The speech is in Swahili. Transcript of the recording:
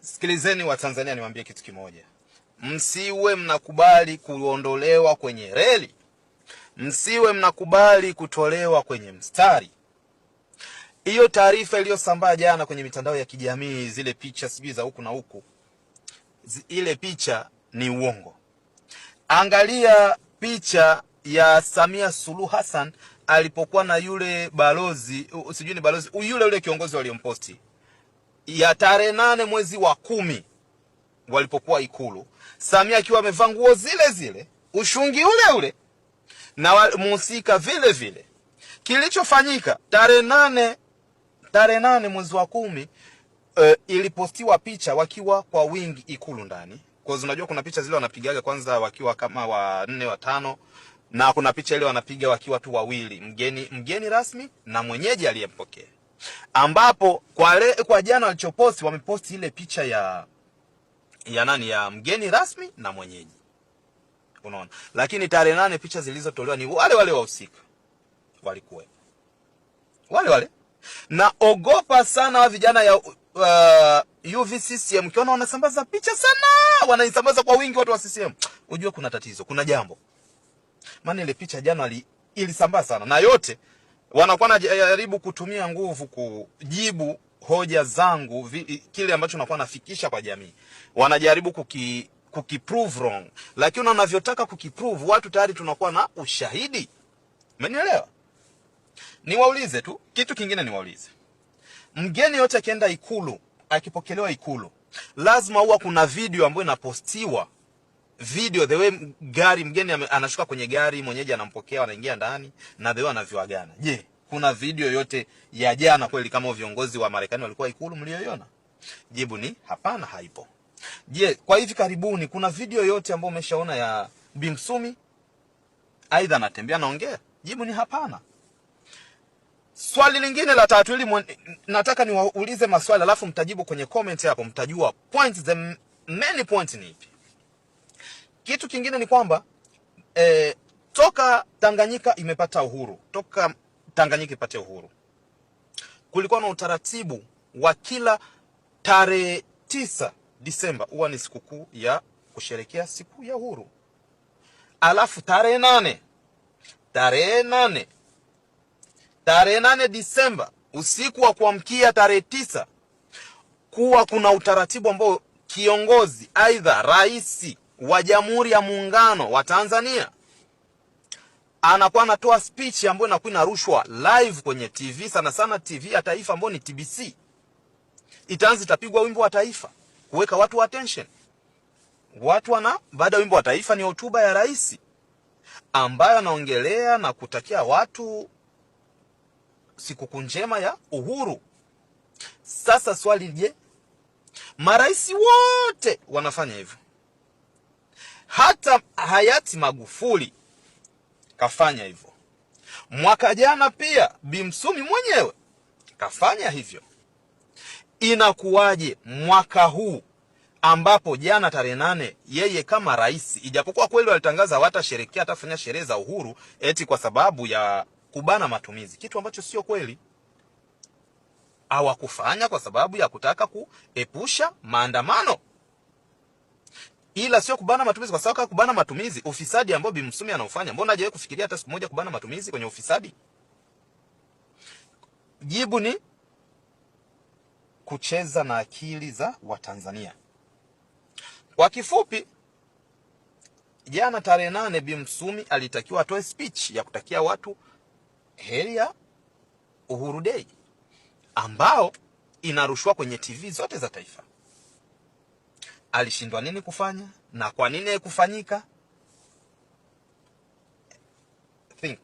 Sikilizeni Watanzania, niwaambie kitu kimoja, msiwe mnakubali kuondolewa kwenye reli, msiwe mnakubali kutolewa kwenye mstari. Hiyo taarifa iliyosambaa jana kwenye mitandao ya kijamii, zile picha sijui za huku na huku, ile picha ni uongo. Angalia picha ya Samia Suluhu Hassan alipokuwa na yule balozi, sijui ni balozi yule yule kiongozi waliomposti ya tarehe nane mwezi wa kumi walipokuwa Ikulu, Samia akiwa amevaa nguo zile zile, ushungi ule ule na muhusika vile vile. Kilichofanyika tarehe nane tarehe nane mwezi wa kumi e, ilipostiwa picha wakiwa kwa wingi Ikulu ndani kwa unajua kuna picha zile wanapigaga kwanza wakiwa kama wanne watano, na kuna picha ile wanapiga wakiwa tu wawili, mgeni mgeni rasmi na mwenyeji aliyempokea ambapo kwa, le, kwa jana walichoposti wameposti ile picha ya ya nani ya mgeni rasmi na mwenyeji, unaona. Lakini tarehe nane picha zilizotolewa ni wale wale wahusika walikuwa wale wale. Naogopa sana wa vijana ya uh, UVCCM ukiona wanasambaza picha sana, wanaisambaza kwa wingi watu wa CCM, ujue kuna tatizo, kuna jambo, maana ile picha jana ilisambaa sana na yote wanakuwa najaribu kutumia nguvu kujibu hoja zangu vi, kile ambacho nakuwa nafikisha kwa jamii wanajaribu kuki kukiprove wrong, lakini wanavyotaka kukiprove watu tayari tunakuwa na ushahidi. Umenielewa? Niwaulize tu kitu kingine, niwaulize, mgeni yote akienda Ikulu, akipokelewa Ikulu, lazima huwa kuna video ambayo inapostiwa video the way gari mgeni anashuka kwenye gari, mwenyeji anampokea, anaingia ndani na the way anavyowagana. Je, kuna video yote ya jana kweli kama viongozi wa Marekani walikuwa Ikulu mlioiona? Jibu ni hapana, haipo. Je, kwa hivi karibuni kuna video yote ambayo umeshaona ya Bimsumi aidha anatembea anaongea? Jibu ni hapana. Swali lingine la tatu, ili nataka niwaulize maswali alafu mtajibu kwenye comment hapo, mtajua points the many points ni ipi. Kitu kingine ni kwamba e, toka Tanganyika imepata uhuru, toka Tanganyika ipate uhuru, kulikuwa na utaratibu wa kila tarehe tisa Disemba huwa ni sikukuu ya kusherekea siku ya uhuru, alafu tarehe nane tarehe nane tarehe nane Disemba usiku wa kuamkia tarehe tisa kuwa kuna utaratibu ambao kiongozi aidha rais wa Jamhuri ya Muungano wa Tanzania anakuwa anatoa speech ambayo inakuwa inarushwa live kwenye TV, sana sana TV ya taifa ambayo ni TBC. Itaanza itapigwa wimbo wa taifa kuweka watu wa attention. Watu wana baada ya wimbo wa taifa ni hotuba ya rais ambayo anaongelea na kutakia watu sikukuu njema ya uhuru. Sasa swali je, marais wote wanafanya hivyo? Hata hayati Magufuli kafanya hivyo. Mwaka jana pia Bimsumi mwenyewe kafanya hivyo. Inakuwaje mwaka huu ambapo jana tarehe nane yeye kama rais, ijapokuwa kweli walitangaza watasherekea atafanya sherehe za uhuru eti kwa sababu ya kubana matumizi, kitu ambacho sio kweli. Hawakufanya kwa sababu ya kutaka kuepusha maandamano ila sio kubana matumizi, kwa sababu kubana matumizi ufisadi ambao Bi Msumi anaofanya, mbona hajawahi kufikiria hata siku moja kubana matumizi kwenye ufisadi? Jibu ni kucheza na akili za Watanzania. Kwa kifupi, jana tarehe nane Bi Msumi alitakiwa atoe speech ya kutakia watu heri ya Uhuru Day ambao inarushwa kwenye TV zote za taifa alishindwa nini kufanya na kwa nini haikufanyika think